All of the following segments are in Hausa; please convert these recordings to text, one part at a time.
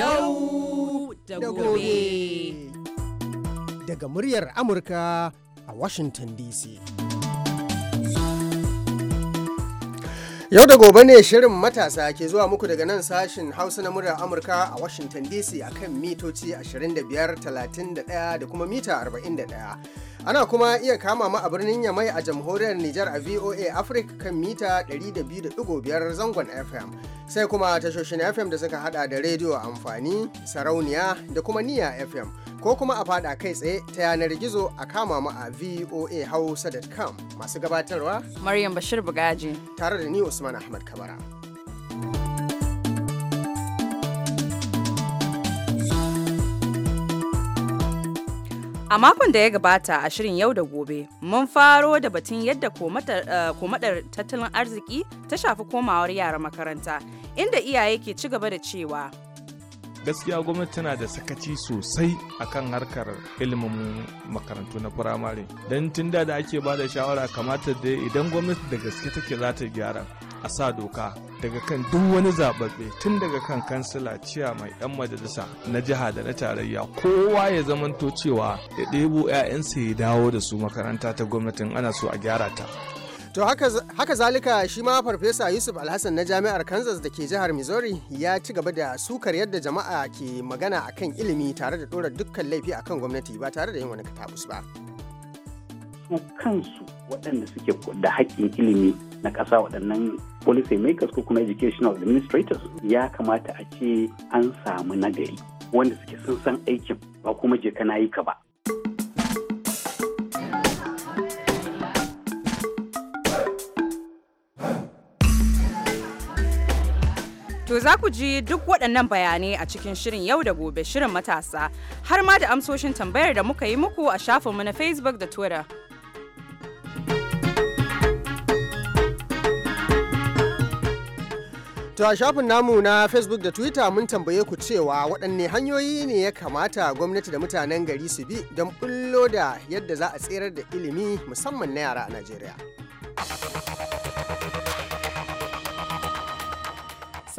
Yau da gobe. Daga muryar Amurka a Washington DC. Yau da gobe ne shirin matasa ke zuwa muku daga nan sashin Hausa na muryar Amurka a Washington DC akan mitoci 25, 31 da kuma mita 41. Ana kuma iya kama mu a birnin Yamai a jamhuriyar Nijar a VOA Africa kan mita 200.5 zangon FM. Sai kuma tashoshin FM da suka hada da rediyo amfani, sarauniya da kuma niya FM. Ko kuma a fada kai tsaye ta yanar gizo a kama mu a voa voahausa.com masu gabatarwa. Maryam Bashir Bugaji. Tare da ni Usman Ahmad Kabara. A makon da ya gabata a shirin yau da gobe, mun faro da batun yadda eh, komadar tattalin arziki ta shafi komawar yara makaranta, inda iyaye ke ci gaba da cewa. Gaskiya gwamnati tana da sakaci sosai a kan harkar ilimin makarantu na firamare. Don tun da ake ba da shawara kamata da idan gwamnati da gaske take za ta gyara. a sa doka daga kan duk wani zababbe tun daga kan kansila ciya mai yan majalisa na jiha da na tarayya kowa ya zamanto cewa ya ɗebo 'ya'yansa ya dawo da su makaranta ta gwamnatin ana so a gyara ta To haka, zalika shi ma Farfesa Yusuf Alhassan na Jami'ar Kansas da ke jihar Missouri ya ci gaba da sukar yadda jama'a ke magana akan ilimi tare da ɗora dukkan laifi akan gwamnati ba tare da yin wani katabus ba. su kansu waɗanda suke da haƙƙin ilimi na ƙasa waɗannan policy makers ko kuma educational administrators ya kamata a ce an samu nagari wanda suke sun san aikin ba kuma je kana yi ka ba. To za ku ji duk waɗannan bayanai a cikin shirin yau da gobe shirin matasa har ma da amsoshin tambayar da muka yi muku a shafinmu na Facebook da Twitter. To a shafin namu na Facebook da Twitter mun tambaye ku cewa waɗanne hanyoyi ne ya kamata gwamnati da mutanen gari su bi don bullo da yadda za a tserar da ilimi musamman na yara a Najeriya.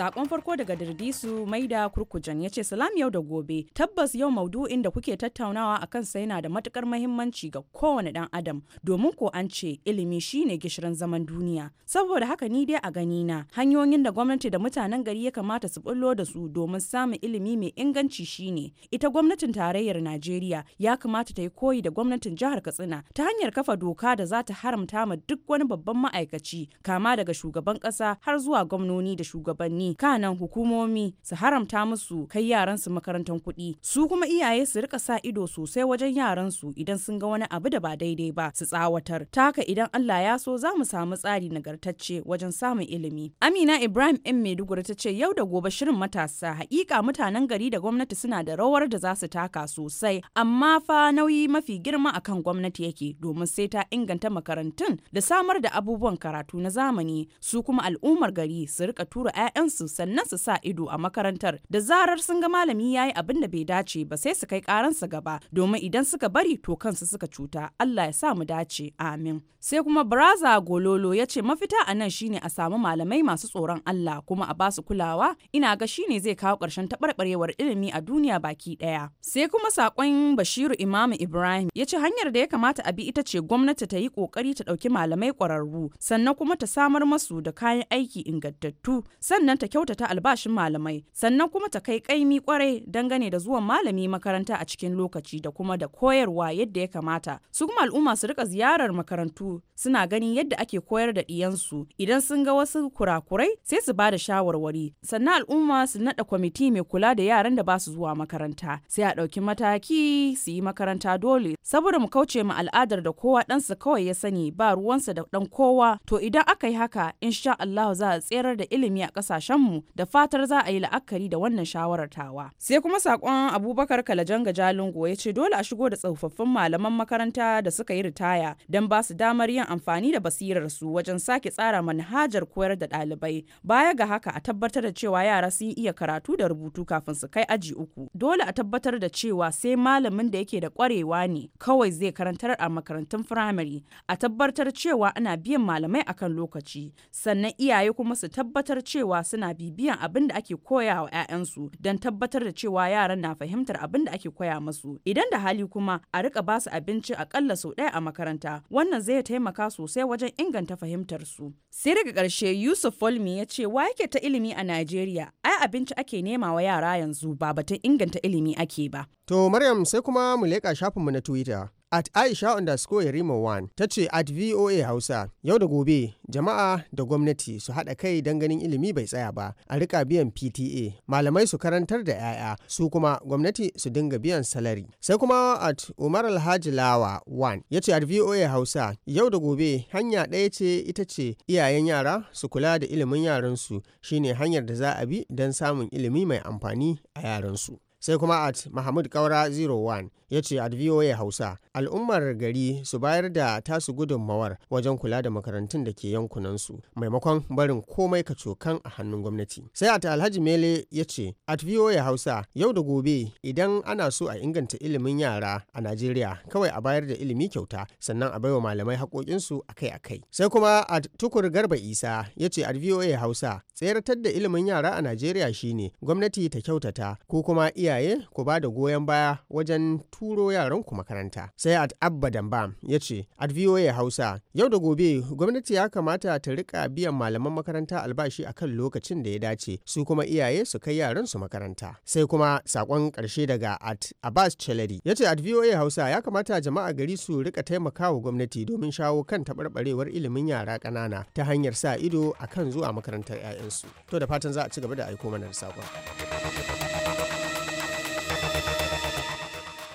Sakon farko daga Dirdisu Maida Kurkujan ya ce salam yau da gobe. Tabbas yau maudu'in da kuke tattaunawa a kansa yana da matukar mahimmanci ga kowane dan adam domin ko an ce ilimi shine gishirin zaman duniya. Saboda haka ni dai a gani na hanyoyin da gwamnati da mutanen gari ya kamata su bullo da su domin samun ilimi mai inganci shine ita gwamnatin tarayyar Najeriya ya kamata ta yi koyi da gwamnatin jihar Katsina ta hanyar kafa doka da za ta haramta ma duk wani babban ma'aikaci kama daga shugaban kasa har zuwa gwamnoni da shugabanni Ka kanan hukumomi su haramta musu kai yaran su makarantar kuɗi su kuma iyaye su rika sa ido sosai wajen yaran su idan sun ga wani abu da ba daidai ba su tsawatar Taka idan Allah ya so za mu samu tsari nagartacce wajen samun ilimi Amina Ibrahim M Maiduguri ta ce yau da gobe shirin matasa haƙiƙa mutanen gari da gwamnati suna da rawar da za su taka sosai amma fa nauyi mafi girma akan gwamnati yake domin sai ta inganta makarantun da samar da abubuwan karatu na zamani su kuma al'ummar gari su rika tura 'ya'yansu su sannan su sa ido a makarantar da zarar sun ga malami ya yi abin da bai dace ba sai su kai karansa gaba domin idan suka bari to kansu suka cuta Allah ya sa mu dace amin sai kuma braza gololo ya ce mafita a nan shine a samu malamai masu tsoron Allah kuma a basu kulawa ina ga shine zai kawo ƙarshen taɓarɓarewar ilimi a duniya baki ɗaya sai kuma saƙon Bashiru Imamu Ibrahim ya ce hanyar da ya kamata a bi ita ce gwamnati ta yi ƙoƙari ta ɗauki malamai ƙwararru sannan kuma ta samar masu da kayan aiki ingantattu sannan ta kyautata albashin malamai sannan kuma ta kai kaimi kwarai dangane da zuwan malami makaranta a cikin lokaci da kuma da koyarwa yadda ya kamata su kuma al'umma su rika ziyarar makarantu suna ganin yadda ake koyar da ɗiyansu idan sun ga wasu kurakurai sai su ba da shawarwari sannan al'umma su naɗa kwamiti mai kula da yaran da ba su zuwa makaranta sai a ɗauki mataki su yi makaranta dole saboda mu kauce ma al'adar da kowa ɗansa kawai ya sani ba ruwansa da ɗan kowa to idan aka yi haka insha Allah za a tserar da ilimi a ƙasashen ƙasashenmu da fatar za a yi la'akari da wannan shawarar tawa. Sai kuma saƙon Abubakar Kalajanga Jalingo ya ce dole a shigo da tsofaffin malaman makaranta da suka yi ritaya don ba su damar yin amfani da basirar su wajen sake tsara manhajar koyar da ɗalibai. Baya ga haka a tabbatar da cewa yara sun iya karatu da rubutu kafin su kai aji uku. Dole a tabbatar da cewa sai malamin da yake da ƙwarewa ne kawai zai karantar a makarantun firamare. A tabbatar cewa ana biyan malamai akan lokaci sannan iyaye kuma su tabbatar cewa suna suna bibiyan abin da ake koya wa 'ya'yansu don tabbatar da cewa yaran na fahimtar abin da ake koya musu Idan da hali kuma a rika basu abinci akalla sau ɗaya a makaranta wannan zai taimaka sosai wajen inganta fahimtar su. Sai daga ƙarshe Yusuf Folmi ya ce wa yake ta ilimi a Najeriya ai abinci ake nema wa yara yanzu ba batun inganta ilimi ake ba. To Maryam sai kuma mu leƙa shafinmu na Twitter. at aisha underscore yarima one ta ce at voa hausa yau da gobe jama'a da gwamnati su haɗa kai don ganin ilimi bai tsaya ba a rika biyan pta malamai su karantar da 'ya'ya su kuma gwamnati su dinga biyan salari sai kuma at umar alhaji lawa one ya ce at voa hausa yau da gobe hanya ɗaya ce ita ce iyayen yara su kula da ilimin yaransu shine hanyar da za a bi don samun ilimi mai amfani a yaransu sai kuma at mahmud kaura 01 ya ce a voa hausa al'ummar gari su bayar da tasu gudunmawar wajen kula da makarantun da ke yankunansu maimakon barin komai ka cokan a hannun gwamnati sai at alhaji mele ya ce at voa hausa yau da gobe idan ana so a inganta ilimin yara a najeriya kawai a bayar da ilimi kyauta sannan a bai wa malamai haƙoƙinsu akai-akai sai kuma Atukur tukur garba isa ya ce at voa hausa tseratar da ilimin yara a najeriya shine gwamnati ta kyautata ko kuma iyaye ku ba da goyon baya wajen turo yaranku makaranta. Sai at Abba Damba ya ce, at VOA Hausa, yau da gobe gwamnati ya kamata ta rika biyan malaman makaranta albashi a kan lokacin da ya dace, su kuma iyaye su kai yaran su makaranta. Sai kuma sakon karshe daga at Abbas Chaladi ya ce at VOA Hausa ya kamata jama'a gari su rika taimakawa gwamnati domin shawo kan taɓarɓarewar ilimin yara ƙanana ta hanyar sa ido akan zuwa makarantar 'ya'yansu. To da fatan za a ci gaba da aiko mana da sakon.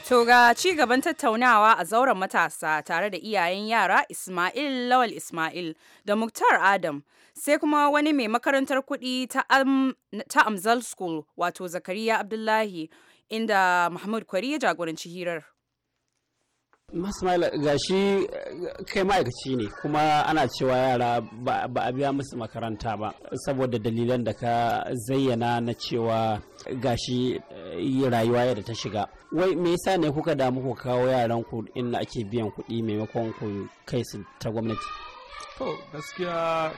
To ga ci gaban tattaunawa a zauren matasa tare da iyayen yara Ismail Lawal Ismail da Muktar Adam sai kuma wani mai makarantar kuɗi ta, Amzal School wato Zakariya Abdullahi inda Muhammad Kwari ya jagoranci hirar. ga gashi kai ma'aikaci ne kuma ana cewa yara ba a biya musu makaranta ba saboda dalilan da ka zayyana na cewa gashi eh, rayuwa yadda ta shiga. Wai me yasa ne kuka damu ku kawo yaran ku inda ake biyan kuɗi maimakon ku kai su ta gwamnati? To gaskiya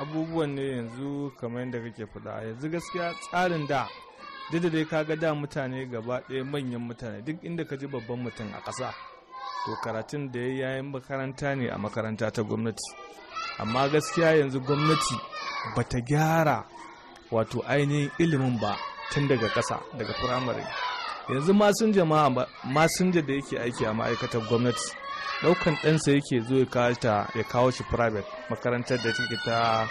abubuwan ne yanzu kamar yadda kake faɗa yanzu gaskiya tsarin da duk da dai ka ga da mutane gaba ɗaya manyan mutane duk inda ka ji babban mutum a ƙasa to karatun da ya yi makaranta ne a makaranta ta gwamnati amma gaskiya yanzu gwamnati bata gyara wato ainihin ilimin ba tun daga ƙasa daga firamare yanzu masinja masinja da yake aiki a ma'aikatar gwamnati ɗaukan ɗansa yake zo ya kawo shi private makarantar da take ta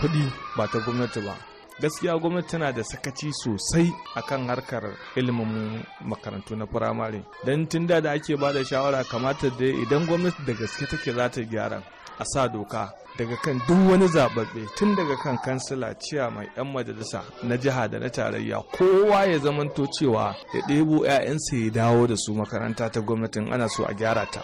kuɗi ba ta gwamnati ba gaskiya gwamnati tana da sakaci sosai a kan harkar ilimin makarantu na firamare don tun da da ake ba da shawara kamata da idan gwamnati da gaske take za ta gyara a sa doka daga kan duk wani zababbe tun daga kan kansila ciya mai yan majalisa na jiha da na tarayya kowa ya zamanto cewa ya ɗebo 'ya'yansa ya dawo da su makaranta ta gwamnatin ana so a gyara ta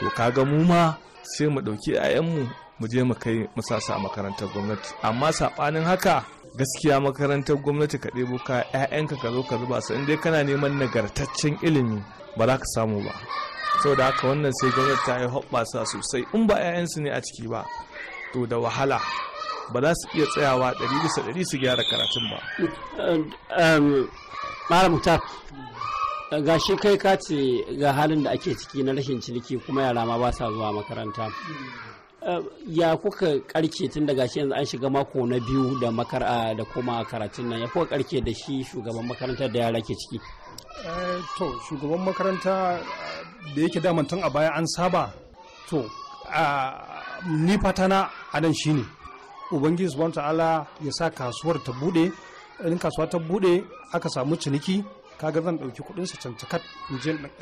to ga mu ma sai mu ɗauki 'ya'yanmu mu je mu kai mu sasa a makarantar gwamnati amma saɓanin haka gaskiya makarantar gwamnati ka ɗebo ka 'ya'yanka ka zo ka zuba su in dai kana neman nagartaccen ilimi ba za ka samu ba da haka wannan sai gwamnati ta yi hoɓɓasa sosai in ba 'ya'yansu ne a ciki ba to da wahala ba za su iya tsayawa ɗari bisa ɗari su gyara karatun ba. Malam Muktar, ga shi kai ka ce ga halin da ake ciki na rashin ciniki kuma yara ma ba sa zuwa makaranta. ya kuka karke tun daga shi yanzu an shiga mako na biyu da makar da kuma karatun nan ya kuka karke da shi shugaban makarantar da yara ke ciki eh, to shugaban makaranta da yake damantan a baya an saba to ni fatana a nan shine ubangiji subhanahu ta'ala ya sa kasuwar ta bude in kasuwa ta bude aka samu ciniki kaga zan dauki kudin sa cancakat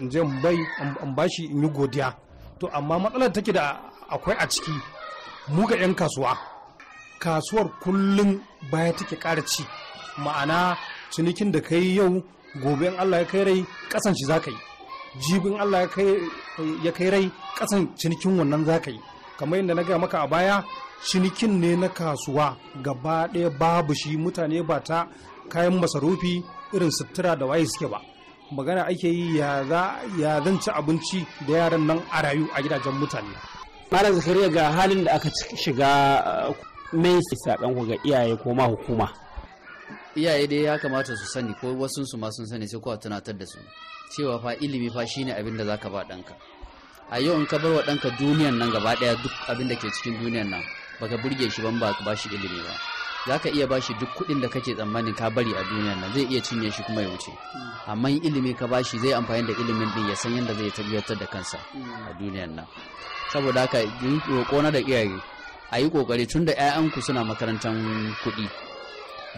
in je in bai in bashi in yi godiya to amma matsalar take da akwai a ciki mu 'yan kasuwa kasuwar kullum baya take ƙara ci ma'ana cinikin da ka yi yau gobe in allah ya kai rai ƙasan shi za ka yi jibin allah ya kai rai kasan cinikin wannan za ka yi kamar yadda na gaya maka a baya cinikin ne na kasuwa gaba ɗaya babu shi mutane ba ta kayan masarufi irin sutura da waye suke ba magana ake yi ya zan ci abinci da yaran nan a rayu a gidajen mutane Malam Zakariya ga halin da aka shiga uh, mai sakon ku ga iyaye ko ma hukuma. Iyaye dai ya kamata su sani ko wasu su masu sani sai kuwa tunatar da su cewa fa ilimi fa shine abin da zaka ba ɗanka. A yau in ka bar wa ɗanka duniyan nan gaba ɗaya duk abin da ke cikin duniyan nan baka burge shi ban ba ka bashi ilimi ba. za ka iya bashi duk kuɗin da kake tsammanin ka bari a duniyar nan zai iya cinye shi kuma ya wuce amma ilimi ka bashi zai amfani da ilimin din ya san yadda zai tabbatar da kansa a duniyan nan saboda haka roƙo na da iyaye a yi ƙoƙari tun da 'ya'yanku suna makarantar kuɗi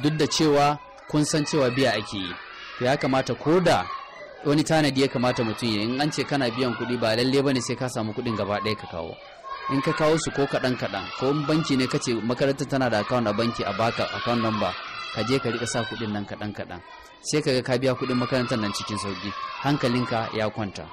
duk da cewa kun san cewa biya ake yi to ya kamata ko da wani tanadi ya kamata mutum ya in an ce kana biyan kuɗi ba lalle ba ne sai ka samu kuɗin gaba ɗaya ka kawo in ka kawo su ko kaɗan kaɗan ko in banki ne kace makarantar tana da account a banki a baka account number ka je ka rika sa kuɗin nan kaɗan kaɗan sai ka ga ka biya kuɗin makarantar nan cikin sauki hankalinka ya kwanta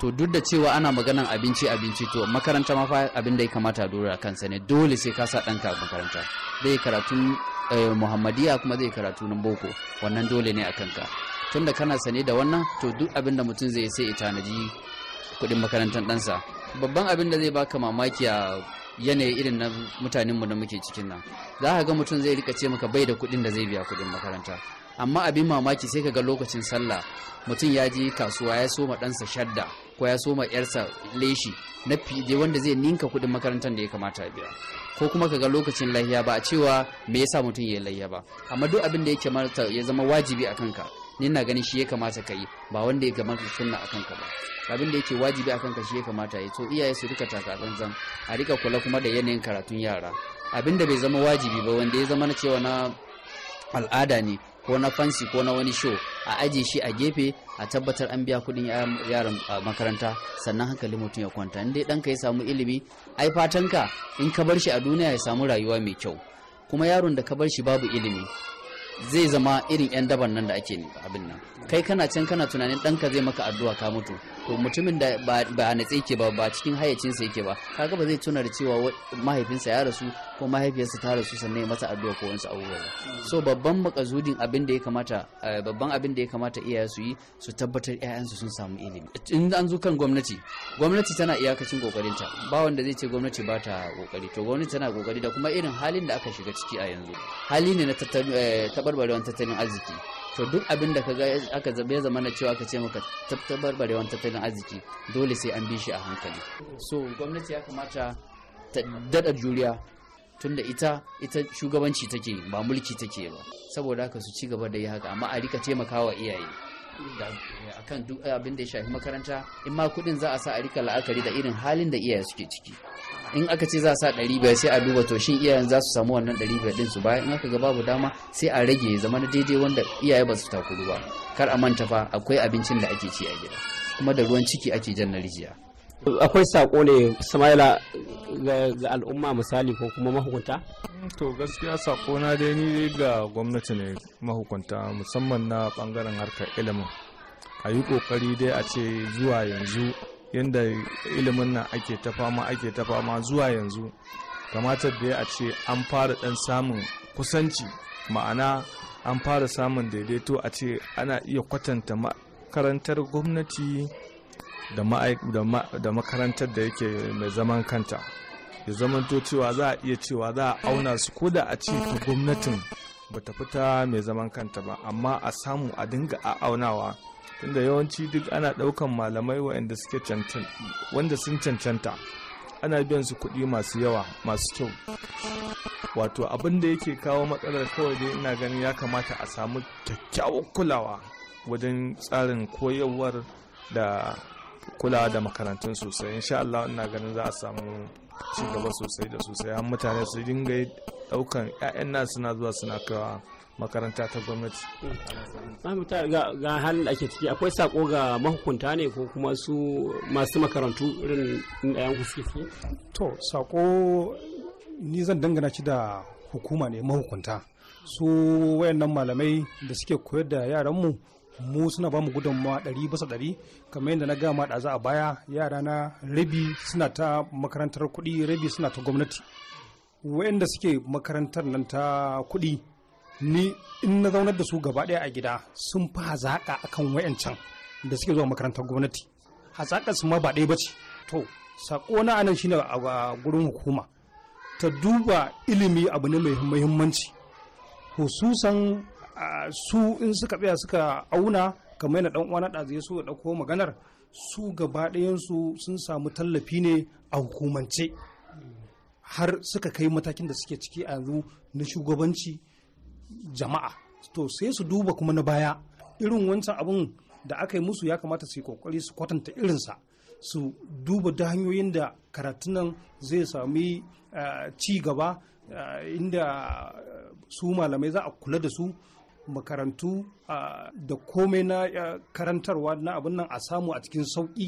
to duk da cewa ana maganan abinci abinci to makaranta ma fa abin da ya kamata a dora kansa ne dole sai ka sa ɗanka a makaranta zai karatun eh, muhammadiya kuma zai karatu na boko wannan dole ne a kanka tunda kana sane da wannan to duk abin da mutum zai sai ya tanaji kuɗin makarantar ɗansa babban abin da zai baka mamaki a yanayi irin na mutanenmu da muke cikin nan za ka ga mutum zai rika ce maka bai da kuɗin da zai biya kuɗin makaranta amma abin mamaki sai ka ga lokacin sallah mutum ya je kasuwa ya soma ɗansa shadda ko ya soma yarsa leshi na fide wanda zai ninka kuɗin makarantar da ya kamata a biya ko kuma ka ga lokacin lahiya ba a cewa me yasa mutum ya lahiya ba amma duk abin da ya kamata ya zama wajibi a kanka ni na ganin shi ya kamata ka yi ba wanda ya kamata sunna a kanka ba abin da yake wajibi a kanka shi ya kamata ya to iyaye su rika taka zanzan a rika kula kuma da yanayin karatun yara abin da bai zama wajibi ba wanda ya zama na cewa na al'ada ne ko na fansi ko na wani show a ajiye shi a gefe a tabbatar an biya kuɗin yaran makaranta sannan hankali mutum ya kwanta in dai ka ya samu ilimi ai fatanka in ka bar shi a duniya ya samu rayuwa mai kyau kuma yaron da ka bar shi babu ilimi zai zama irin 'yan daban nan da ake abin nan kai kana can kana tunanin ɗanka zai maka addu'a ka mutu to mutumin da ba a natse ke ba ba cikin hayyacinsa yake ba kaga ba zai tuna da cewa mahaifinsa ya rasu ko mahaifiyarsa ta rasu sannan ya masa addu'a ko wani abubuwa ba so babban makazudin abin da ya kamata eh, babban abin da ya kamata iyaye su yi su tabbatar ƴaƴansu sun samu ilimi in an zo kan gwamnati gwamnati tana iyakacin kokarinta ba wanda zai ce gwamnati ba ta kokari to gwamnati tana kokari da kuma irin halin da aka shiga ciki a yanzu hali ne na tattalin eh, tattalin arziki to duk abin da kaga aka zabe zama na cewa ka ce maka tabbatar barewan tattalin arziki dole sai an bi shi a hankali so gwamnati ya kamata ta dada juriya tunda ita ita shugabanci take ba mulki take ba saboda haka su ci gaba da yi haka amma a rika taimakawa iyaye akan duk abin da ya shafi makaranta in ma kudin za a sa a rika la'akari da irin halin da iyaye suke ciki in aka ce za a sa ɗari biyar sai a duba to shin iyayen za su samu wannan ɗari biyar ɗin su bayan in aka ga babu dama sai a rage zama na daidai wanda iyaye ba su takuru ba kar a manta fa akwai abincin da ake ci a gida kuma da ruwan ciki ake jan na rijiya. akwai sako ne samaila ga al'umma misali ko kuma mahukunta? to gaskiya sako na dai ni ga gwamnati ne mahukunta musamman na bangaren harkar ilimin a yi kokari dai a ce zuwa yanzu yadda ilimin nan ake ta fama ake ta fama zuwa yanzu kamata da ya a ce an fara dan samun kusanci ma'ana an fara samun daidaito a ce ana iya kwatanta makarantar gwamnati da makarantar da yake mai zaman kanta ya zamanto cewa za a iya cewa za a auna su ko da a ce ta gwamnatin bata fita mai zaman kanta ba amma a samu a dinga a aunawa tunda yawanci duk ana ɗaukan malamai waɗanda suke wanda sun cancanta ana biyan su kuɗi masu yawa masu kyau wato abin da yake kawo matsalar kawai dai ina ganin ya kamata a samu kyakkyawan kulawa wajen tsarin koyarwar da kulawa da makarantun sosai insha Allah ina ganin za a samu ci gaba sosai da sosai mutane su dinga daukan 'ya'yan nasu na zuwa suna kawa makaranta ta gwamnati ga halin da ake ciki akwai sako ga mahukunta ne ko kuma su masu makarantu irin da yanku to sako ni zan dangana shi da hukuma ne mahukunta su wayannan malamai da suke koyar da yaranmu mu suna ba mu ma ɗari bisa ɗari kamar yadda na gama ɗaza a baya yara na rabi suna ta makarantar kuɗi rabi suna ta gwamnati wayanda suke makarantar nan ta kuɗi ni in na zaunar da su gaba ɗaya a gida sun fi hazaƙa akan wayancan da suke zuwa makarantar gwamnati hazaƙa su ma ba ɗaya bace to saƙo na anan shine a gurin hukuma ta duba ilimi abu ne mai muhimmanci hususan su in suka tsaya suka auna kamar yana dan uwa na ɗazu ya so ya ɗauko maganar su gaba ɗayansu sun samu tallafi ne a hukumance har suka kai matakin da suke ciki a yanzu na shugabanci jama'a to sai su duba kuma na baya irin wancan abun da aka yi musu ya kamata su yi kokari su kwatanta irinsa su duba da hanyoyin da karatun nan zai sami eh, ci gaba eh, inda su malamai za a kula da su makarantu eh, da komai na karantarwa na abin nan a samu a cikin sauƙi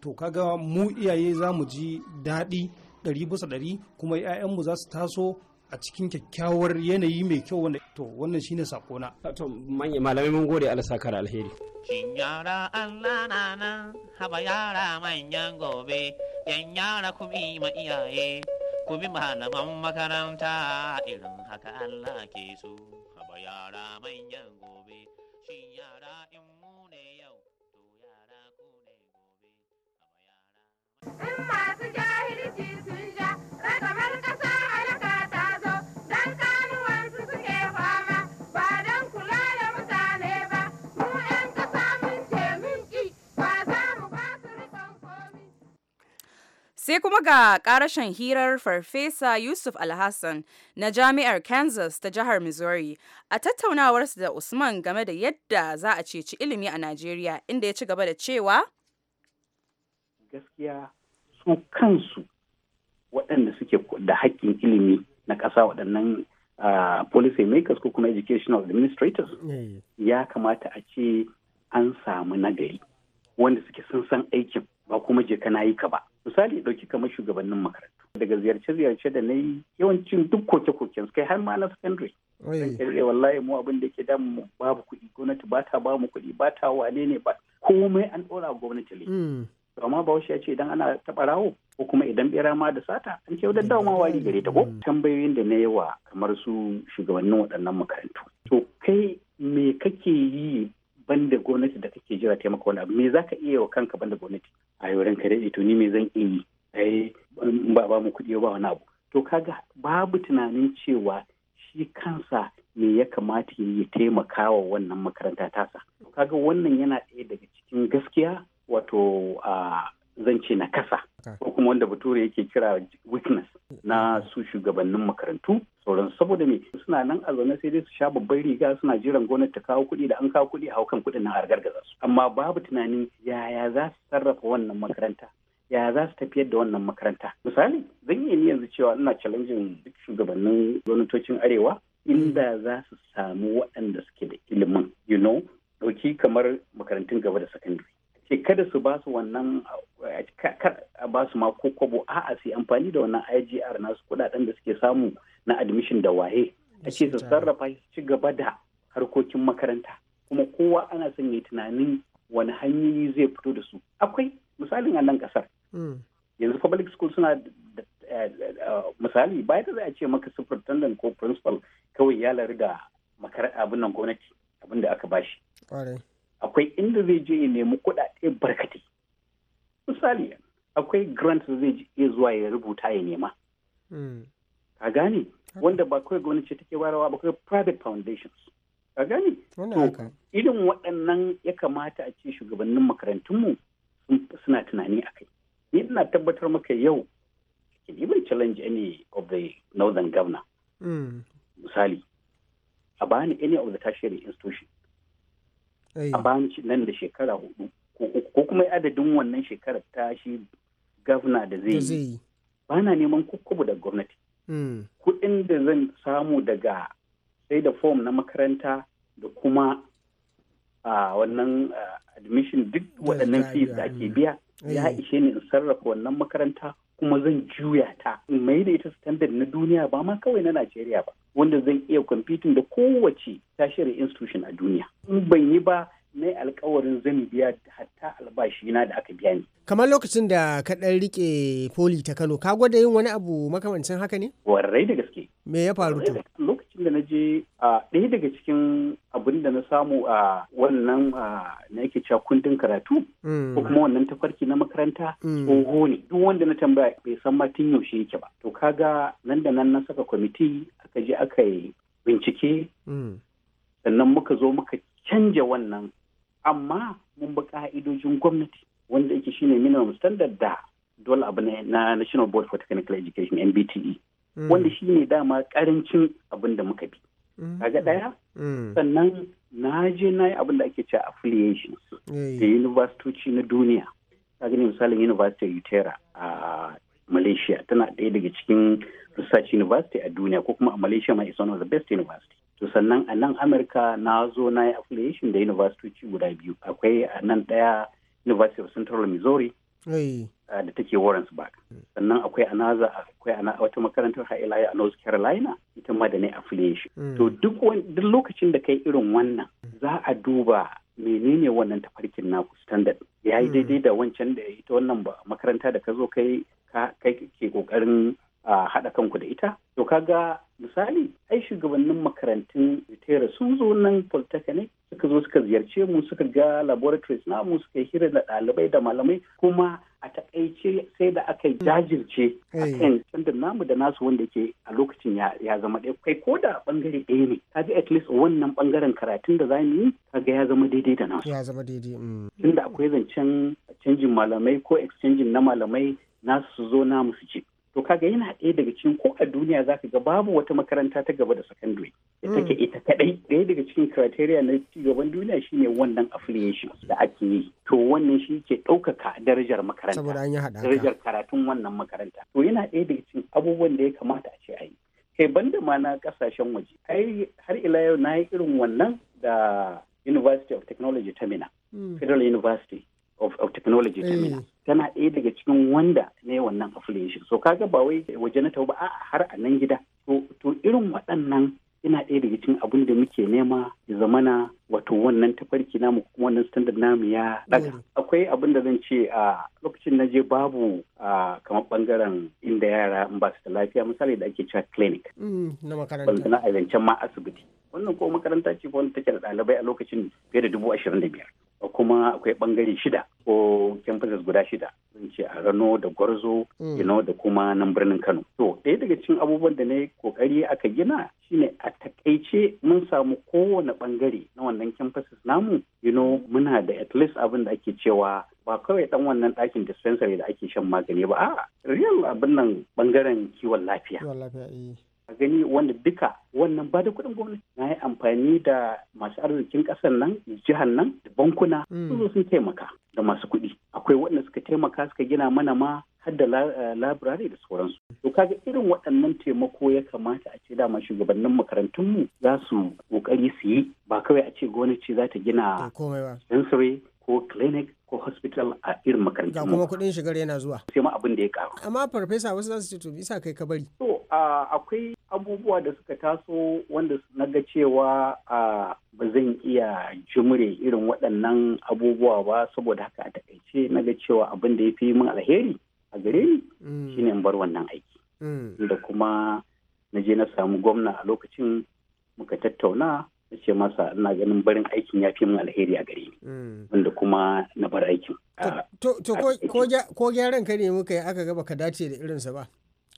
to kaga mu iyaye za mu ji daɗi ɗari bisa ɗari kuma 'ya'yanmu za su taso a cikin kyakkyawar yanayi mai kyau wanda to wannan shine sakona to manya malamai mun gode Allah saka alheri shin yara Allah na nan haba yara manyan gobe yan yara ku bi ma iyaye ku bi malaman makaranta irin haka Allah ke so haba yara manyan gobe shin yara in mu ne yau to yara ku ne gobe haba yara in masu jahilci sun ja Sai kuma ga karashen hirar Farfesa Yusuf Alhassan na Jami'ar Kansas ta jihar Missouri a tattaunawarsa da Usman game da yadda za a ceci ilimi a Najeriya inda ya ci gaba da cewa. Gaskiya su kansu waɗanda suke da haƙƙin ilimi na ƙasa waɗannan policy makers ko kuma educational administrators eh. ya kamata a ce an samu nagari wanda suke sun san aikin ba kuma je kana yi ka ba misali ɗauki kamar shugabannin makarantu daga ziyarce-ziyarce da na yi yawancin duk koke-koken kai har ma na secondary secondary wallahi mu abin da ke damu mu babu kuɗi gwamnati ba ta ba kuɗi ba ta wane ne ba komai an ɗora gwamnati ne hmm. amma bahaushe ya ce idan ana taɓa rawo ko kuma idan ɓera ma da sata an ce da ma wari gare ta ko hmm. tambayoyin da na yi wa kamar su shugabannin waɗannan makarantu to kai me kake yi banda gwamnati da kake jira taimaka wani abu me zaka iya wa kanka banda gwamnati ayo ka dai to ni me zan yi ai ba ba mu kuɗi ba wani abu to kaga babu tunanin cewa shi kansa me ya kamata ya yi taimaka wa wannan makaranta tasa kaga wannan yana ɗaya daga cikin gaskiya wato ah, zan ce na kasa ko kuma wanda bature yake kira weakness na su shugabannin makarantu sauran saboda me suna nan a zaune sai dai su sha babbar riga suna jiran gwamnati ta kawo kuɗi da an kawo kuɗi a haukan kuɗin nan a gargaza su amma babu tunanin yaya za su sarrafa wannan makaranta Yaya za su tafiyar da wannan makaranta misali zan iya ni yanzu cewa ina challenge duk shugabannin gwamnatocin arewa inda za su samu waɗanda suke da ilimin you know ɗauki kamar makarantun gaba da sakandare sai kada su ba su wannan a ba su ma ko kwabo a'a su amfani da wannan IGR nasu kudaden da suke samu na admission da waye a ce su sarrafa su ci gaba da harkokin makaranta kuma kowa ana son ya tunanin wani hanyoyi zai fito da su akwai misalin a nan kasar mm. yanzu public school suna da misali bayan da za a ce maka superintendent ko principal kawai ya lari da abin nan gwamnati abin da aka bashi akwai inda zai je ya nemi kuɗaɗe barkati misali akwai grant da zai iya zuwa ya rubuta ya nema hmm. ka gane wanda ba kawai gwamnati take warawa ba kawai private foundations ka gane to irin waɗannan ya kamata a ce shugabannin makarantunmu suna tunani a kai ni ina tabbatar maka yau even challenge any of the northern governor hmm. misali a bani any of the tertiary institution a bani nan da shekara hudu ko kuma adadin wannan shekarar ta shi gavna da zai yi ba na neman kukkubu da gwamnati hmm. kuɗin da zan samu daga sai da fom na makaranta da kuma a wannan admission duk waɗannan fees da ake hmm. biya ya ishe ni in sarrafa wannan makaranta kuma zan juya ta mai da ita standard na duniya ba ma kawai na Najeriya ba wanda zan iya kwamfitin da kowace tashirin institution a duniya in ban yi ba na yi alkawarin zan biya hatta albashi na da aka biya ni. Kamar lokacin da ka ɗan rike poli ta Kano, ka gwada yin wani abu makamancin haka ne? Warrai da gaske. Me ya faru to? da na je a ɗaya daga cikin abin da na samu a wannan na yake cewa kundin karatu mm. ko kuma wannan tafarki na makaranta mm. tsoho ne duk wanda na tambaya bai san ma tun yaushe yake ba to kaga nan da nan na saka kwamiti aka je aka yi bincike mm. sannan muka zo muka canja wannan amma mun bi ka'idojin gwamnati wanda yake shine minimum standard da dole abu na national board for technical education nbte Mm. wanda shi ne dama karancin abin da muka bi mm. kaga ɗaya. Mm. sannan na je na yi abin da ake cewa affiliation da universitoci na duniya kaga ne misalin university utera a malaysia tana ɗaya daga cikin research university a duniya ko kuma a malaysia ma is one of the best university to sannan a nan amurka na zo na yi affiliation da universitoci guda biyu akwai a nan ɗaya university of central missouri da take Warrensburg. Sannan akwai a anaza akwai a wata makarantar ha'ilaya a North Carolina ita ma da ne affiliation. Hmm. To duk duk lokacin da kai irin wannan za a duba menene wannan tafarkin naku standard ya yi hmm. daidai da wancan da ita wannan makaranta da ka zo kai ke kokarin a haɗa kanku da ita to kaga misali ai shugabannin makarantun tera sun zo nan polytechnic suka zo suka ziyarce mu suka ga laboratories namu suka yi hira da ɗalibai da malamai kuma a takaice sai da aka jajirce a kan canjin namu da nasu wanda ke a lokacin ya zama ɗaya kai ko da bangare ɗaya ne ka ga at least wannan bangaren karatun da zamu yi kaga ya zama daidai da nasu ya zama daidai mm. tunda akwai zancen canjin malamai ko exchanging na malamai nasu su zo namu su ce to kaga yana ɗaya daga cikin ko a duniya za ka ga babu wata makaranta ta gaba da sakandare da mm. take ita kaɗai ɗaya daga cikin criteria na ci gaban duniya shine wannan affiliation da ake yi to wannan shi ke ɗaukaka darajar makaranta darajar karatun wannan makaranta to yana ɗaya daga cikin abubuwan da ya kamata a ce a yi kai banda ma na ƙasashen waje har ila yau na yi irin wannan da University of Technology ta Mina mm. Federal University of, of technology mm. terminal tana ɗaya daga cikin wanda ne wannan affiliation so kaga ba wai waje na ba a har a nan gida to irin waɗannan ina ɗaya daga cikin abin da muke nema ya zamana wato wannan tafarki namu kuma wannan standard namu ya daga akwai abin da zan ce a lokacin na je babu a kamar bangaren inda yara in ba su da lafiya misali da ake cewa clinic mm, na makaranta na a ma asibiti wannan ko makaranta ce wanda take da ɗalibai a lokacin fiye da dubu ashirin da biyar kuma akwai bangare shida ko campuses guda shida zan ce a rano da gwarzo ino mm. da kuma nan birnin kano to ɗaya daga cikin abubuwan da na yi kokari aka gina shine a takaice mun samu kowane bangare na wannan campuses namu ino muna da at least abin da ake cewa ba kawai dan wannan ɗakin dispensary da ake shan magani ba a'a real abin nan bangaren kiwon lafiya eh. ka gani wanda duka wannan ba da kuɗin gwamnati na yi amfani da masu arzikin ƙasar nan jihar nan da bankuna mm. sun sun taimaka da masu kuɗi akwai waɗanda suka taimaka suka gina mana ma har da laburare eh, da sauransu. To kaga irin waɗannan taimako ya kamata a ce dama shugabannin makarantun mu za su ƙoƙari su yi ba kawai a ce gwamnati za ta gina sensory ko clinic ko hospital a irin makarantar. Ga kuma kuɗin shigar yana zuwa. Sai ma abin da ya karu. Amma farfesa wasu za su ce to bisa kai ka bari. To akwai abubuwa da suka taso wanda na ga cewa ba zan iya jimre irin waɗannan abubuwa ba saboda haka a takaice na ga cewa abin da ya fi min alheri a gare ni mm. shine in bar wannan aiki. Mm. Da kuma na je na samu gwamna a lokacin muka tattauna na ce masa ina ganin barin aikin ya fi min alheri a gari ni mm. wanda kuma na bar aikin to ah, ko gyaran ka ne muka yi aka gaba ka dace da irinsa ba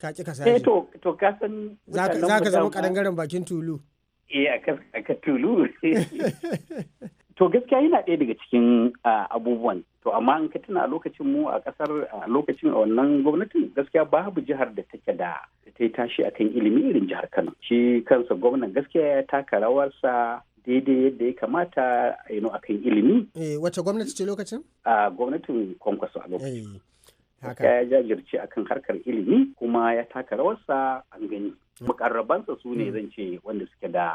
ka ki ka eh, to to ka san za ka zama karangaren bakin tulu eh a ka tulu To gaskiya yana ɗaya daga cikin abubuwan. To amma in ka tuna a lokacin mu a ƙasar a lokacin a wannan gwamnatin gaskiya babu jihar da take da ta yi tashi akan ilimi irin jihar Kano. Shi kansa gwamnan gaskiya ya taka rawarsa daidai yadda ya kamata a akan ilimi. Eh, gwamnati ce lokacin? A gwamnatin Kwankwaso a lokacin. Eh, ya jajirce akan harkar ilimi kuma ya taka rawarsa an gani. mukarrabansa su ne hmm. zan ce wanda suke da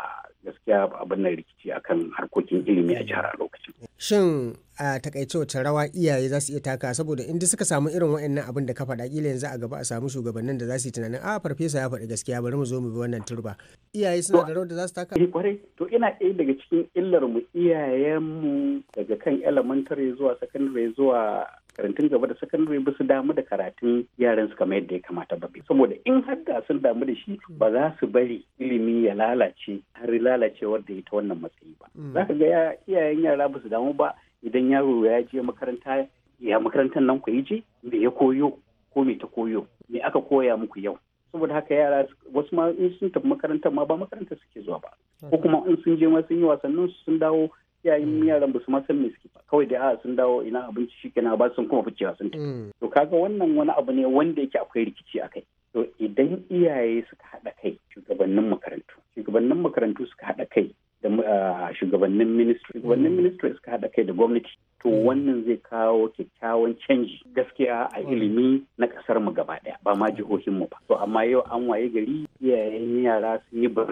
gaskiya abin nan rikici akan harkokin ilimi a jihar a lokacin. Shin a takaice rawa iyaye za su iya taka saboda inda suka samu irin wa'annan abin da ka faɗa yanzu a gaba a samu shugabannin da za su yi tunanin a ah, farfesa ya faɗi gaskiya bari mu zo mu bi wannan turba. Iyaye suna da rawar da za su taka? kwarai eh, to ina ɗaya daga cikin illar mu iyayenmu daga kan elementary zuwa secondary zuwa makarantun gaba da sakandare ba su damu da karatun yaran su kamar yadda ya kamata ba saboda in har da sun damu da shi ba za su bari ilimi ya lalace har lalacewar da ita wannan matsayi ba hmm. za ka ga iyayen yara ba su damu ba idan yaro ya je makaranta ya makarantar nan ku yi je me ya koyo ko me ta koyo me aka koya muku yau saboda haka yara wasu ma in sun tafi makarantar ma ba makarantar suke zuwa ba ko kuma in sun je ma sun yi wasannin sun dawo iyayen yaran ba su ma san me suke ba kawai da a sun dawo ina abinci shikenan ba sun kuma ficewa sun tafi mm. to kaga wannan wani abu ne wanda yake akwai rikici a kai to idan iyaye suka haɗa kai shugabannin makarantu shugabannin makarantu suka haɗa kai da ah, shugabannin ministry shugabannin mm. ministry suka haɗa kai da gwamnati to wannan zai kawo kyakkyawan canji gaskiya a ilimi na kasar mu gaba daya ba ma jihohin mu ba to amma yau an waye gari iyayen yara sun yi bar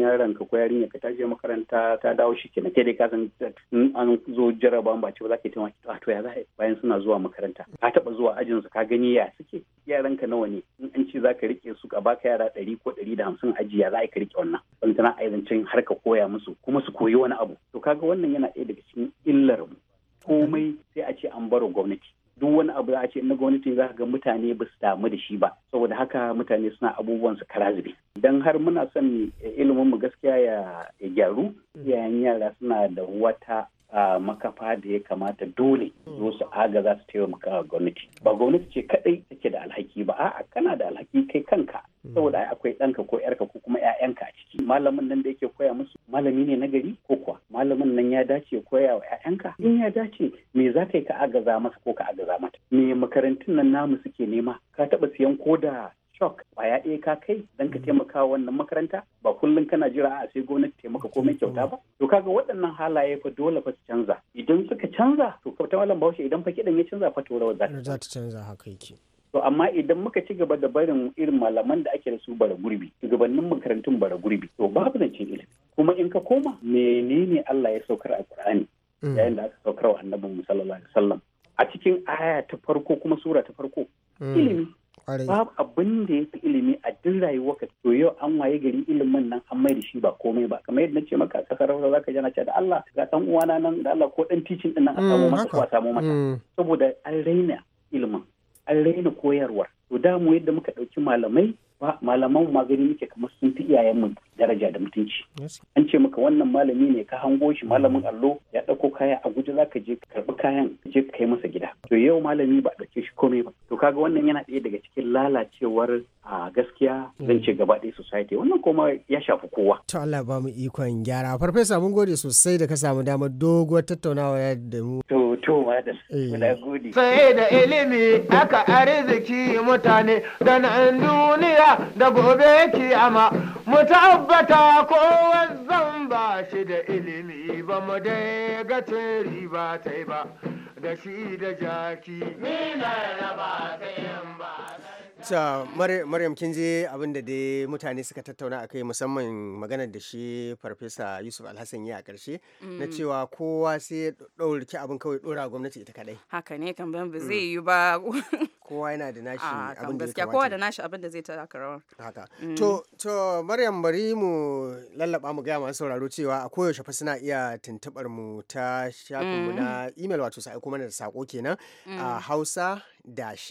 yaran ka ko yarinya ka tashi makaranta ta dawo shi kenan kai dai ka san an zo jaraba ba ce ba za ka yi a to ya za bayan suna zuwa makaranta ka taba zuwa ajin su ka gani ya suke yaran ka nawa ne in an ce za ka rike su ka baka yara ɗari ko ɗari da hamsin aji ya za ka rike wannan wani tana aizancin har ka koya musu kuma su koyi wani abu to kaga wannan yana ɗaya daga cikin illar mu komai sai a ce an baro gwamnati duk wani abu a ce na gwamnati za ga mutane ba su damu da shi ba saboda haka mutane suna abubuwan su kara zube dan har muna son ilimin mu gaskiya ya gyaru yayin yara suna da wata makafa da ya kamata dole zo su aga za su taimaka gwamnati ba gwamnati ce kadai take da alhaki ba a'a kana da alhaki kai kanka saboda akwai ɗanka ko yarka ko kuma 'ya'yanka malamin nan da yake koya musu malami ne nagari ko kuwa malamin nan ya dace koya wa 'ya'yanka in ya dace me za ka yi ka agaza masa ko ka agaza mata me makarantun nan namu suke nema ka taɓa siyan koda shock ya ɗaya ka kai don ka taimaka wannan makaranta ba kullum kana jira a sai gwamnati taimaka komai kyauta ba to kaga waɗannan halaye fa dole fa su canza idan suka canza to ta malam bahaushe idan fa kiɗan ya canza fa to za ta canza haka yake To amma idan muka ci gaba da barin irin malaman da ake da su bara gurbi, shugabannin makarantun bara gurbi, to babu na cin ilimi. Kuma in ka koma menene Allah ya saukar a Qur'ani mm. yayin da aka saukar wa Annabi sallallahu alaihi wasallam. A cikin aya ta farko kuma sura ta farko, mm. ilimi. Babu abin da ya fi ilimi a duk rayuwar ka to yau an waye gari ilimin nan an mai da shi ba komai ba kamar yadda nace maka kasar Hausa zaka ji na ce da Allah ga dan uwana nan da Allah ko dan ticin din nan a samu mm, masa ko a samu mata. saboda an raina ilimin an raina koyarwar to da mu yadda muka ɗauki malamai malaman magani muke kamar sun fi mu daraja da mutunci an ce maka wannan malami ne ka hango shi malamin allo ya ɗauko kaya a za ka je ka karɓi kayan je ka kai masa gida to yau malami ba ɗauke shi komai ba to kaga wannan yana ɗaya daga cikin lalacewar a gaskiya zan ce gaba ɗaya society wannan kuma ya shafi kowa to Allah ba mu ikon gyara farfesa mun gode sosai da ka samu damar doguwar tattaunawa da mu to to ma da eh. gode sai da ilimi aka arziki mutane da na duniya da gobe kiyama mutum tabbata ko zan ba shi da ilimi ba mu dai ga riba ta ba da shi da jaki. Ni na raba ta yamba ta maryam kin je abin da dai mutane suka tattauna a kai musamman maganar da shi farfesa yusuf alhassan ya a karshe na mm. cewa kowa sai ya ɗaurki abin kawai ɗora gwamnati ita kadai haka ne kan ba zai mm. yi ba kowa yana da nashi ah, abin da gaskiya kowa da nashi abin da zai taka rawar haka mm. to to maryam bari mu lallaba mu ga masu sauraro cewa a koyaushe fa suna iya tuntubar mu ta shafin mu na email wato sai kuma mana da sako kenan a hausa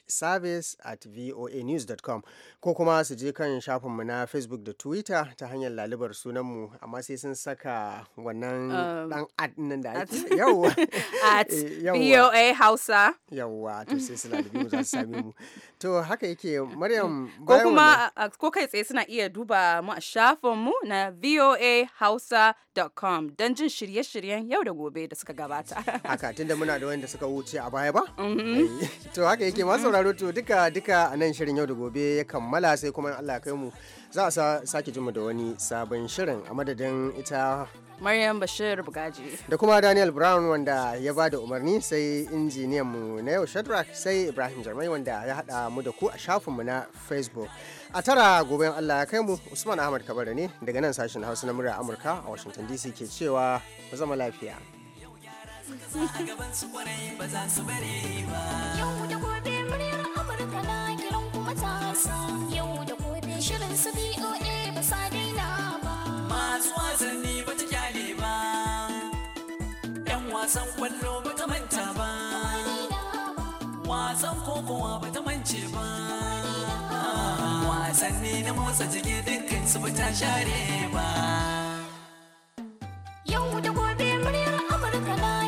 service at voanews.com ko kuma su je kan shafinmu na facebook da twitter ta hanyar lalibar sunanmu amma sai sun saka wannan dan um, ad nan da ake yawwa at eh, voa hausa yawwa to sai su lalibi mu za su sami mu to haka yake maryam ko kuma ko kai tsaye suna iya duba mu a shafinmu na voahausa.com don jin shirye-shiryen yau da gobe da suka gabata haka tunda muna da wanda suka wuce a baya ba mm-hmm. eh, to haka haka yake masu sauraro to duka duka a nan shirin yau da gobe ya kammala sai kuma Allah kai mu za a sake jin mu da wani sabon shirin a madadin ita Maryam Bashir Bugaji. Da kuma Daniel Brown wanda ya ba da umarni sai injiniyan mu na yau Shadrack sai Ibrahim Jarmai wanda ya hada mu da ku a shafin mu na Facebook. A tara gobe Allah ya kai mu Usman Ahmad Kabara ne daga nan sashen Hausa na murya Amurka a Washington DC ke cewa ku zama lafiya. a bare ba. Yau da gobe muryar Amurka na kiran kuma matasa. Yau da gobe shirin su BOA ba sa daina ba. Masu wasanni ba ta kyale ba. Yan wasan kwallo ba ta manta ba. Wasan kokowa ba ta mance ba. Wasanni na motsa jiki dukkan su ba ta share ba. Yau da gobe muryar Amurka na